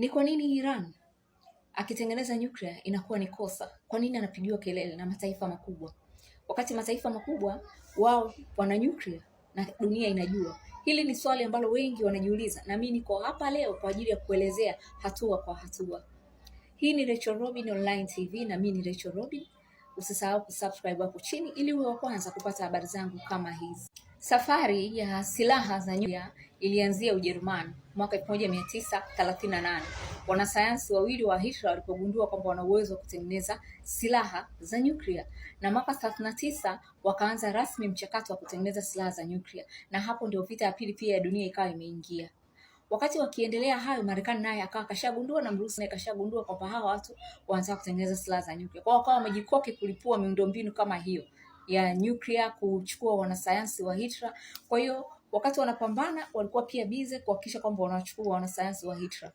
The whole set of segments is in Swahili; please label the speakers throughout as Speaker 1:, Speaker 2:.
Speaker 1: Ni kwa nini Iran akitengeneza nyuklia inakuwa ni kosa? Kwa nini anapigiwa kelele na mataifa makubwa, wakati mataifa makubwa wao wana nyuklia na dunia inajua? Hili ni swali ambalo wengi wanajiuliza, na mimi niko hapa leo kwa ajili ya kuelezea hatua kwa hatua. Hii ni Rachel Robin Online TV na mimi ni Rachel Robin. Usisahau kusubscribe hapo chini ili uwe wa kwanza kupata habari zangu kama hizi. Safari ya silaha za nyuklia ilianzia Ujerumani mwaka 1938 wanasayansi wawili wa Hitler walipogundua kwamba wana uwezo wa kutengeneza silaha za nyuklia, na mwaka 39 wakaanza rasmi mchakato wa kutengeneza silaha za nyuklia, na hapo ndio vita ya pili pia ya dunia ikawa imeingia. Wakati wakiendelea hayo, Marekani naye akawa kashagundua na Mrusi naye kashagundua kwamba hawa watu wanataka kutengeneza silaha za nyuklia, kwa wakawa wamejikoke kulipua miundombinu kama hiyo ya nyuklia, kuchukua wanasayansi wa Hitler. Kwa hiyo Wakati wanapambana walikuwa pia bize kuhakikisha kwamba wanachukua wanasayansi wa Hitler.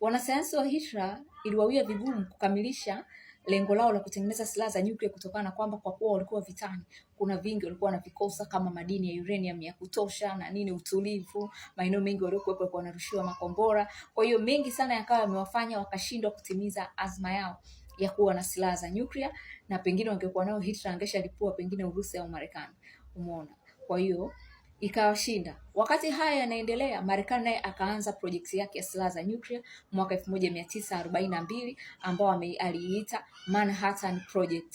Speaker 1: Wanasayansi wa Hitler iliwawia vigumu kukamilisha lengo lao la kutengeneza silaha za nyuklia kutokana na kwamba kwa kuwa walikuwa vitani, kuna vingi walikuwa wanavikosa kama madini ya uranium ya kutosha na nini, utulivu, maeneo mengi waliokuwepo walikuwa wanarushiwa makombora. Kwa hiyo mengi sana yakawa yamewafanya wakashindwa kutimiza azma yao ya kuwa na silaha za nyuklia, na pengine wangekuwa nao Hitler angeshalipua pengine Urusi au Marekani. Umeona, kwa hiyo ikawashinda. Wakati haya yanaendelea, Marekani naye akaanza projekti yake ya silaha za nyuklia mwaka 1942 ambao aliiita Manhattan Project.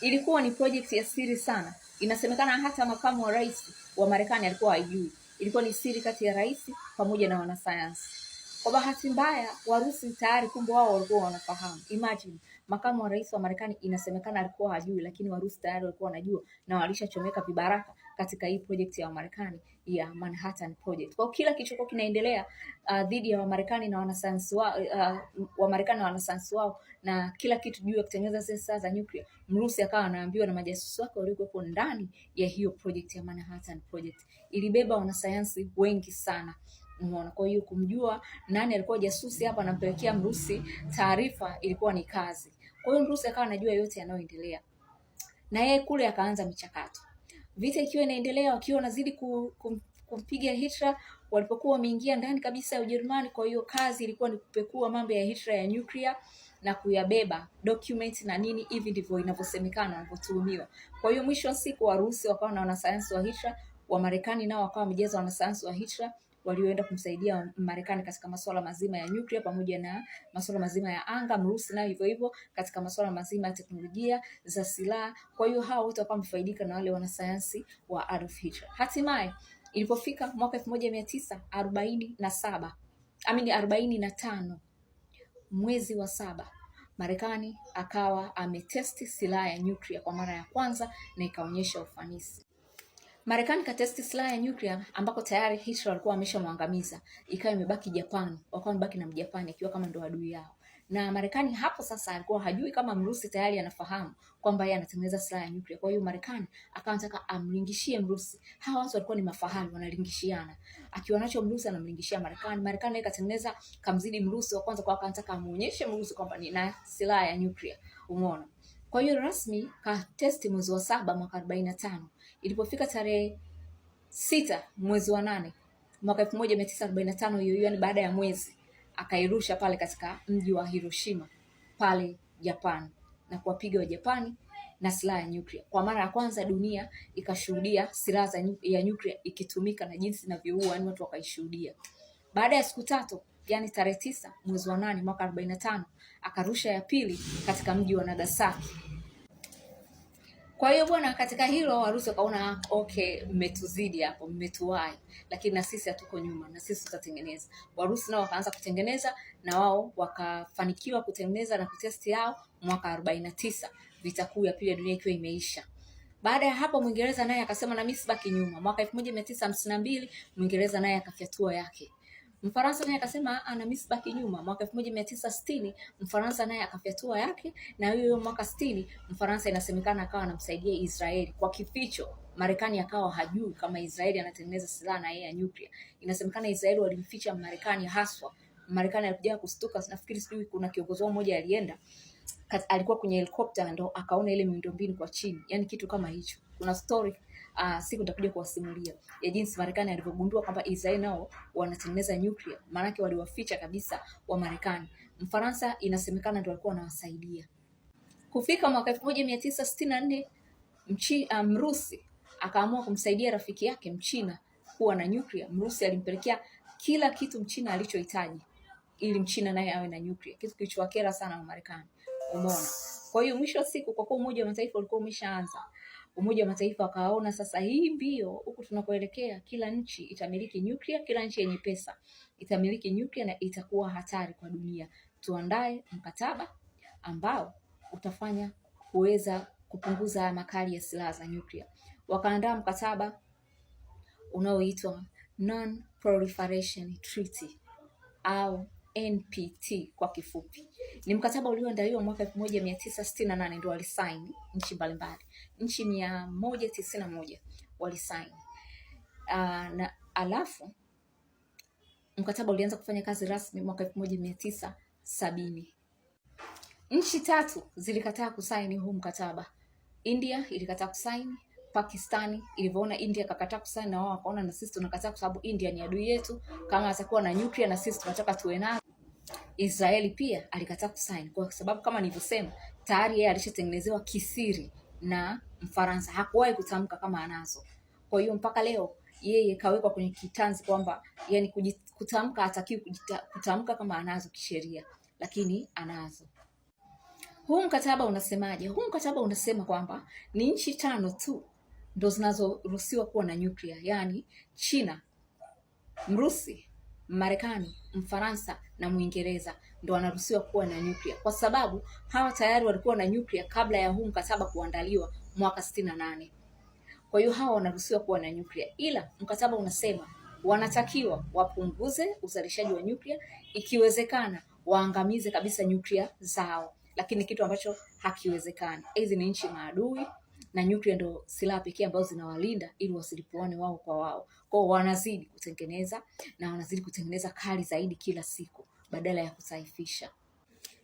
Speaker 1: Ilikuwa ni project ya siri sana, inasemekana hata makamu wa rais wa Marekani alikuwa haijui. Ilikuwa ni siri kati ya rais pamoja na wanasayansi. Kwa bahati mbaya, Warusi tayari kumbe wao walikuwa wanafahamu. Imagine Makamu wa rais wa Marekani inasemekana alikuwa hajui, lakini Warusi tayari walikuwa wanajua na walishachomeka vibaraka katika hii project ya Marekani ya Manhattan Project. Kwa kila kichoko kinaendelea uh, dhidi ya Wamarekani na wanasayansi wao uh, Wamarekani na wanasayansi wao na kila kitu juu ya kutengeneza sensa za nuclear. Mrusi akawa anaambiwa na majasusi wake waliokuwepo ndani ya hiyo project ya Manhattan Project. Ilibeba wanasayansi wengi sana. Umeona, kwa hiyo kumjua nani alikuwa jasusi hapa anampelekea Mrusi taarifa ilikuwa ni kazi. Kwa hiyo Mrusi akawa anajua yote yanayoendelea, na yeye kule akaanza michakato. Vita ikiwa inaendelea, wakiwa wanazidi kumpiga Hitler, walipokuwa wameingia ndani kabisa ya Ujerumani. Kwa hiyo kazi ilikuwa ni kupekua mambo ya Hitler ya nuclear na kuyabeba document na nini, hivi ndivyo inavyosemekana wanavyotuhumiwa. Kwa hiyo mwisho wa siku Warusi wakawa na wanasayansi wa Hitler, Wamarekani nao wakawa wamejazwa wanasayansi wa Hitler, walioenda kumsaidia Marekani katika masuala mazima ya nyuklia pamoja na masuala mazima ya anga. Mrusi nayo hivyo hivyo katika masuala mazima ya teknolojia za silaha. Kwa hiyo hao wote wakawa wamefaidika na wale wanasayansi wa Adolf Hitler. Hatimaye ilipofika mwaka elfu moja mia tisa arobaini na saba amini arobaini na tano mwezi wa saba Marekani akawa ametesti silaha ya nyuklia kwa mara ya kwanza na ikaonyesha ufanisi. Marekani katesti silaha ya nuclear ambako tayari Hitler alikuwa ameshamwangamiza, ikawa imebaki Japan, wakawa wamebaki na Mjapani akiwa kama ndo adui yao. Na Marekani hapo sasa alikuwa hajui kama Mrusi tayari anafahamu kwamba yeye anatengeneza silaha ya nuclear. Kwa hiyo Marekani akawa anataka amlingishie Mrusi. Hawa watu walikuwa ni mafahali wanalingishiana. Akiwa nacho Mrusi anamlingishia Marekani. Marekani ikatengeneza kamzidi Mrusi wa kwanza kwa akataka amuonyeshe Mrusi kwamba nina silaha ya nuclear. Umeona? Kwa hiyo rasmi ka katesti mwezi wa saba mwaka 45 Ilipofika tarehe sita mwezi wa nane mwaka elfu moja mia tisa arobaini na tano hiyo hiyo, yani baada ya mwezi, akairusha pale katika mji wa Hiroshima pale Japan na kuwapiga wa Japani na silaha ya nyuklia. Kwa mara ya kwanza dunia ikashuhudia silaha ya nyuklia ikitumika na jinsi inavyoua, yani watu wakaishuhudia. Baada ya siku tatu, yani tarehe tisa mwezi wa nane mwaka 45 akarusha ya pili katika mji wa Nagasaki. Kwa hiyo bwana, katika hilo harusi wakaona okay, mmetuzidi hapo, mmetuwai lakini na sisi hatuko nyuma, na sisi tutatengeneza. Warusi nao wakaanza kutengeneza na wao wakafanikiwa kutengeneza na kutesti yao mwaka arobaini na tisa vita kuu ya pili ya dunia ikiwa imeisha. Baada ya hapo Mwingereza naye akasema na mimi sibaki nyuma. Mwaka elfu moja mia tisa hamsini na mbili Mwingereza naye akafyatua yake Mfaransa naye akasema ana misbaki nyuma. Mwaka 1960 Mfaransa naye akafyatua yake, na hiyo mwaka 60 Mfaransa inasemekana akawa anamsaidia Israeli kwa kificho. Marekani akawa hajui kama Israeli anatengeneza silaha na yeye ya nyuklia. Inasemekana Israeli walimficha Marekani haswa. Marekani alikuja kustuka, nafikiri sijui, kuna kiongozi wao mmoja alienda alikuwa kwenye helikopta ndo akaona ile miundombinu kwa chini, yani kitu kama hicho. Kuna story uh, siku nitakuja kuwasimulia ya jinsi Marekani alivyogundua kwamba Israeli nao wanatengeneza nuclear, maanake waliwaficha kabisa wa Marekani. Mfaransa inasemekana ndio walikuwa wanawasaidia. Kufika mwaka 1964 mchi uh, Mrusi akaamua kumsaidia rafiki yake Mchina kuwa na nuclear. Mrusi alimpelekea kila kitu Mchina alichohitaji ili Mchina naye awe na nuclear, kitu kilichowakera sana wa Marekani. Umeona? Kwa hiyo mwisho wa siku, kwa kuwa Umoja wa Mataifa ulikuwa umeshaanza Umoja wa Mataifa wakaona sasa hii mbio huku tunakoelekea, kila nchi itamiliki nyuklia, kila nchi yenye pesa itamiliki nyuklia na itakuwa hatari kwa dunia. Tuandae mkataba ambao utafanya kuweza kupunguza makali ya silaha za nyuklia. Wakaandaa mkataba unaoitwa Non Proliferation Treaty au NPT kwa kifupi. Ni mkataba ulioandaliwa mwaka 1968 ndio walisaini nchi mbalimbali. Nchi 191 walisaini. Uh, na alafu mkataba ulianza kufanya kazi rasmi mwaka 1970. Nchi tatu zilikataa kusaini huu mkataba. India ilikataa kusaini, Pakistani ilivyoona India kakataa kusaini, na wao wakaona na sisi tunakataa, kwa sababu India ni adui yetu. Kama atakuwa na nyuklia na sisi tunataka tuwe nayo. Israeli pia alikataa kusaini kwa sababu kama nilivyosema tayari yeye alishatengenezewa kisiri na Mfaransa, hakuwahi kutamka kama anazo. Kwa hiyo mpaka leo yeye kawekwa kwenye kitanzi kwamba yani kutamka hatakiwi kutamka kama anazo kisheria, lakini anazo. Huu mkataba unasemaje? Huu mkataba unasema kwamba ni nchi tano tu ndo zinazoruhusiwa kuwa na nyuklia, yaani China, Mrusi, Marekani, Mfaransa na Mwingereza ndo wanaruhusiwa kuwa na nyuklia, kwa sababu hawa tayari walikuwa na nyuklia kabla ya huu mkataba kuandaliwa mwaka sitini na nane. Kwa hiyo hawa wanaruhusiwa kuwa na nyuklia, ila mkataba unasema wanatakiwa wapunguze uzalishaji wa nyuklia, ikiwezekana waangamize kabisa nyuklia zao, lakini kitu ambacho hakiwezekani. Hizi ni nchi maadui na nyuklia ndo silaha pekee ambazo zinawalinda ili wasilipuane wao kwa wao. Kwao wanazidi kutengeneza na wanazidi kutengeneza kali zaidi kila siku badala ya kusaifisha.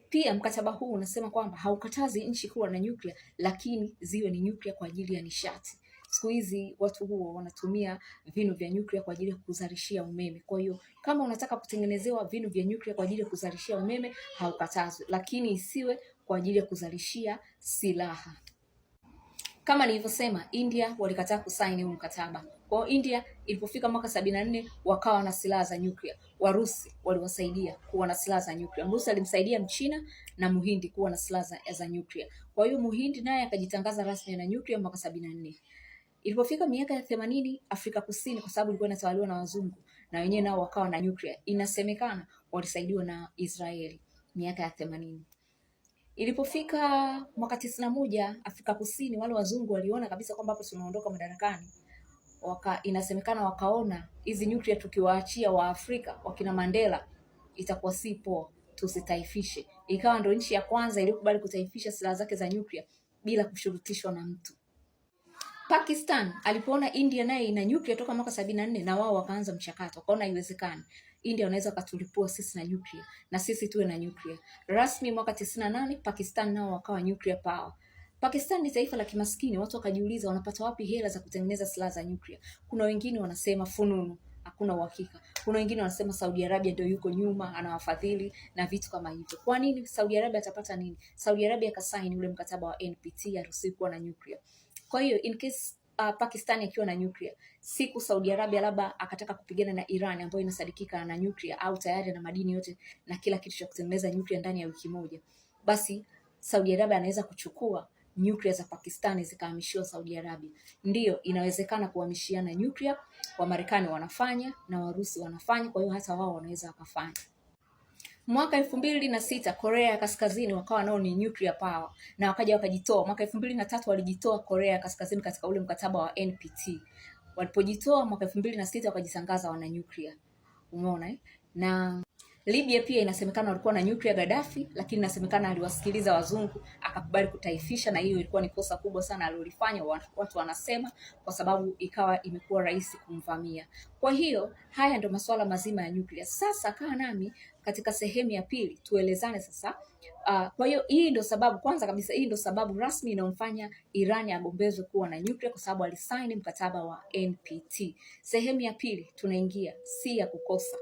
Speaker 1: Pia mkataba huu unasema kwamba haukatazi nchi kuwa na nyuklia, lakini ziwe ni nyuklia kwa ajili ya nishati. Siku hizi watu huo wanatumia vinu vya nyuklia kwa ajili ya kuzalishia umeme. Kwa hiyo kama unataka kutengenezewa vinu vya nyuklia kwa ajili ya kuzalishia umeme, haukatazwi, lakini isiwe kwa ajili ya kuzalishia silaha. Kama nilivyosema, India walikataa kusaini huu mkataba. Kwa hiyo India ilipofika mwaka sabini na nne wakawa na silaha za nyuklia. Warusi waliwasaidia kuwa na silaha za nyuklia. Mrusi alimsaidia Mchina na Muhindi kuwa na silaha za, nyuklia. Kwa hiyo Muhindi naye akajitangaza rasmi na nyuklia mwaka sabini na nne. Ilipofika miaka ya themanini Afrika Kusini, kwa sababu ilikuwa inatawaliwa na wazungu, na wenyewe nao wakawa na nyuklia. Inasemekana walisaidiwa na Israeli miaka ya themanini. Ilipofika mwaka tisini na moja Afrika Kusini, wale wazungu waliona kabisa kwamba hapo tunaondoka madarakani waka, inasemekana wakaona hizi nyuklia tukiwaachia Waafrika wakina Mandela itakuwa si poa, tusitaifishe. Ikawa ndio nchi ya kwanza iliyokubali kutaifisha silaha zake za nyuklia bila kushurutishwa na mtu. Pakistan alipoona India naye ina nyuklia toka mwaka sabini na nne na wao wakaanza mchakato, wakaona haiwezekani India wanaweza katulipua sisi na nyuklia na sisi tuwe na nyuklia rasmi. Mwaka tisini na nane Pakistan nao wakawa nuclear power. Pakistan ni taifa la kimaskini, watu wakajiuliza wanapata wapi hela za kutengeneza silaha za nyuklia. Kuna wengine wanasema fununu, hakuna uhakika. Kuna wengine wanasema Saudi Arabia ndio yuko nyuma, anawafadhili na vitu kama hivyo. Kwa nini Saudi Arabia atapata nini? Saudi Arabia kasaini ule mkataba wa NPT, haruhusiwi kuwa na nyuklia. Kwa hiyo in case uh, Pakistan akiwa na nuclear, siku Saudi Arabia labda akataka kupigana na Iran ambayo inasadikika na nuclear au tayari na madini yote na kila kitu cha kutengeneza nuclear ndani ya wiki moja, basi Saudi Arabia anaweza kuchukua nyuklia za Pakistani zikahamishiwa Saudi Arabia. Ndiyo, inawezekana kuhamishiana nyuklia, Wamarekani wanafanya na Warusi wanafanya, kwa hiyo hata wao wanaweza wakafanya. Mwaka elfu mbili na sita Korea ya Kaskazini wakawa nao ni nuclear power na wakaja wakajitoa. Mwaka elfu mbili na tatu walijitoa Korea ya Kaskazini katika ule mkataba wa NPT. Walipojitoa mwaka elfu mbili na sita wakajitangaza wana nuclear, umeona eh? na Libya pia inasemekana walikuwa na nuclear Gaddafi, lakini inasemekana aliwasikiliza wazungu akakubali kutaifisha, na hiyo ilikuwa ni kosa kubwa sana alilofanya, watu wanasema, kwa sababu ikawa imekuwa rahisi kumvamia. Kwa hiyo haya ndio masuala mazima ya nuclear. Sasa kaa nami katika sehemu ya pili tuelezane sasa. Uh, kwa hiyo hii ndio sababu kwanza kabisa, hii ndo sababu rasmi inayomfanya Iran agombezwe kuwa na nyuklia, kwa sababu alisaini mkataba wa NPT. Sehemu ya pili tunaingia, si ya kukosa